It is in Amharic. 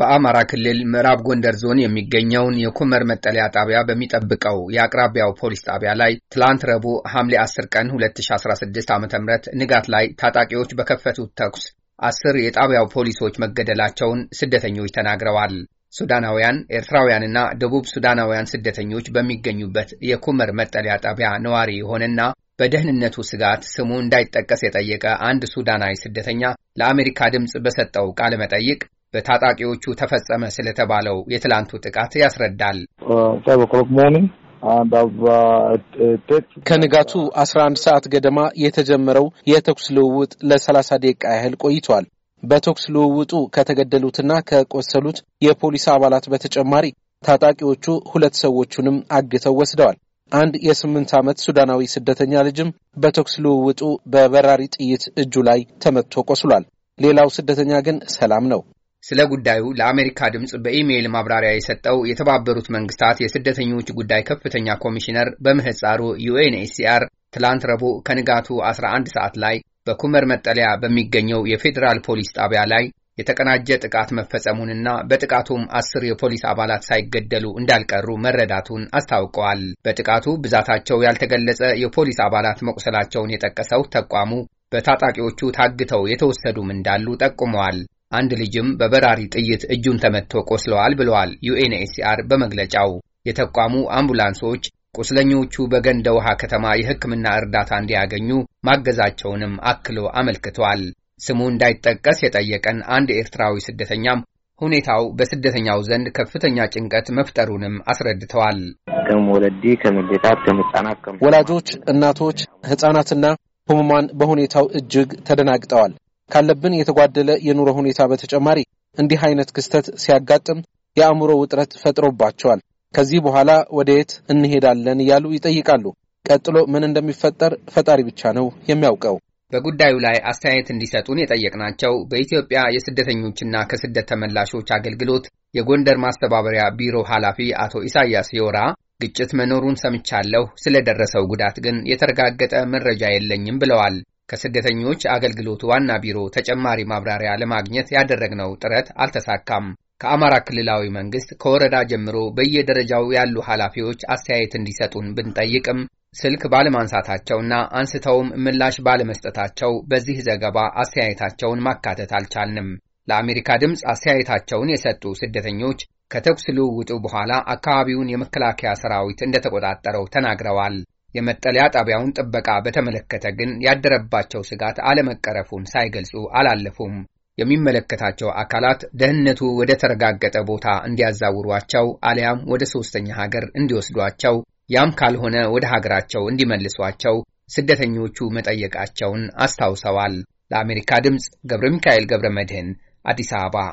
በአማራ ክልል ምዕራብ ጎንደር ዞን የሚገኘውን የኩመር መጠለያ ጣቢያ በሚጠብቀው የአቅራቢያው ፖሊስ ጣቢያ ላይ ትላንት ረቡዕ ሐምሌ 10 ቀን 2016 ዓ ም ንጋት ላይ ታጣቂዎች በከፈቱት ተኩስ አስር የጣቢያው ፖሊሶች መገደላቸውን ስደተኞች ተናግረዋል። ሱዳናውያን፣ ኤርትራውያንና ደቡብ ሱዳናውያን ስደተኞች በሚገኙበት የኩመር መጠለያ ጣቢያ ነዋሪ የሆነና በደህንነቱ ስጋት ስሙ እንዳይጠቀስ የጠየቀ አንድ ሱዳናዊ ስደተኛ ለአሜሪካ ድምፅ በሰጠው ቃለ መጠይቅ በታጣቂዎቹ ተፈጸመ ስለተባለው የትላንቱ ጥቃት ያስረዳል። ከንጋቱ 11 ሰዓት ገደማ የተጀመረው የተኩስ ልውውጥ ለ30 ደቂቃ ያህል ቆይቷል። በተኩስ ልውውጡ ከተገደሉትና ከቆሰሉት የፖሊስ አባላት በተጨማሪ ታጣቂዎቹ ሁለት ሰዎቹንም አግተው ወስደዋል። አንድ የስምንት ዓመት ሱዳናዊ ስደተኛ ልጅም በተኩስ ልውውጡ በበራሪ ጥይት እጁ ላይ ተመትቶ ቆስሏል። ሌላው ስደተኛ ግን ሰላም ነው። ስለ ጉዳዩ ለአሜሪካ ድምፅ በኢሜይል ማብራሪያ የሰጠው የተባበሩት መንግስታት የስደተኞች ጉዳይ ከፍተኛ ኮሚሽነር በምህፃሩ ዩኤንኤችሲአር ትላንት ረቡዕ ከንጋቱ 11 ሰዓት ላይ በኩመር መጠለያ በሚገኘው የፌዴራል ፖሊስ ጣቢያ ላይ የተቀናጀ ጥቃት መፈጸሙንና በጥቃቱም አስር የፖሊስ አባላት ሳይገደሉ እንዳልቀሩ መረዳቱን አስታውቀዋል። በጥቃቱ ብዛታቸው ያልተገለጸ የፖሊስ አባላት መቁሰላቸውን የጠቀሰው ተቋሙ በታጣቂዎቹ ታግተው የተወሰዱም እንዳሉ ጠቁመዋል። አንድ ልጅም በበራሪ ጥይት እጁን ተመትቶ ቆስለዋል ብለዋል ዩኤንኤችሲአር በመግለጫው። የተቋሙ አምቡላንሶች ቁስለኞቹ በገንደ ውሃ ከተማ የሕክምና እርዳታ እንዲያገኙ ማገዛቸውንም አክሎ አመልክቷል። ስሙ እንዳይጠቀስ የጠየቀን አንድ ኤርትራዊ ስደተኛም ሁኔታው በስደተኛው ዘንድ ከፍተኛ ጭንቀት መፍጠሩንም አስረድተዋል። ከም ወለዲ ከም ዴታት ከም ህጻናት ወላጆች፣ እናቶች፣ ህጻናትና ህሙማን በሁኔታው እጅግ ተደናግጠዋል። ካለብን የተጓደለ የኑሮ ሁኔታ በተጨማሪ እንዲህ አይነት ክስተት ሲያጋጥም የአእምሮ ውጥረት ፈጥሮባቸዋል። ከዚህ በኋላ ወደየት እንሄዳለን እያሉ ይጠይቃሉ። ቀጥሎ ምን እንደሚፈጠር ፈጣሪ ብቻ ነው የሚያውቀው። በጉዳዩ ላይ አስተያየት እንዲሰጡን የጠየቅናቸው በኢትዮጵያ የስደተኞችና ከስደት ተመላሾች አገልግሎት የጎንደር ማስተባበሪያ ቢሮ ኃላፊ አቶ ኢሳያስ ዮራ ግጭት መኖሩን ሰምቻለሁ፣ ስለደረሰው ጉዳት ግን የተረጋገጠ መረጃ የለኝም ብለዋል። ከስደተኞች አገልግሎት ዋና ቢሮ ተጨማሪ ማብራሪያ ለማግኘት ያደረግነው ጥረት አልተሳካም። ከአማራ ክልላዊ መንግስት ከወረዳ ጀምሮ በየደረጃው ያሉ ኃላፊዎች አስተያየት እንዲሰጡን ብንጠይቅም ስልክ ባለማንሳታቸውና አንስተውም ምላሽ ባለመስጠታቸው በዚህ ዘገባ አስተያየታቸውን ማካተት አልቻልንም። ለአሜሪካ ድምፅ አስተያየታቸውን የሰጡ ስደተኞች ከተኩስ ልውውጡ በኋላ አካባቢውን የመከላከያ ሰራዊት እንደተቆጣጠረው ተናግረዋል። የመጠለያ ጣቢያውን ጥበቃ በተመለከተ ግን ያደረባቸው ስጋት አለመቀረፉን ሳይገልጹ አላለፉም። የሚመለከታቸው አካላት ደህንነቱ ወደ ተረጋገጠ ቦታ እንዲያዛውሯቸው አሊያም ወደ ሦስተኛ ሀገር እንዲወስዷቸው ያም ካልሆነ ወደ ሀገራቸው እንዲመልሷቸው ስደተኞቹ መጠየቃቸውን አስታውሰዋል። ለአሜሪካ ድምፅ ገብረ ሚካኤል ገብረ መድህን አዲስ አበባ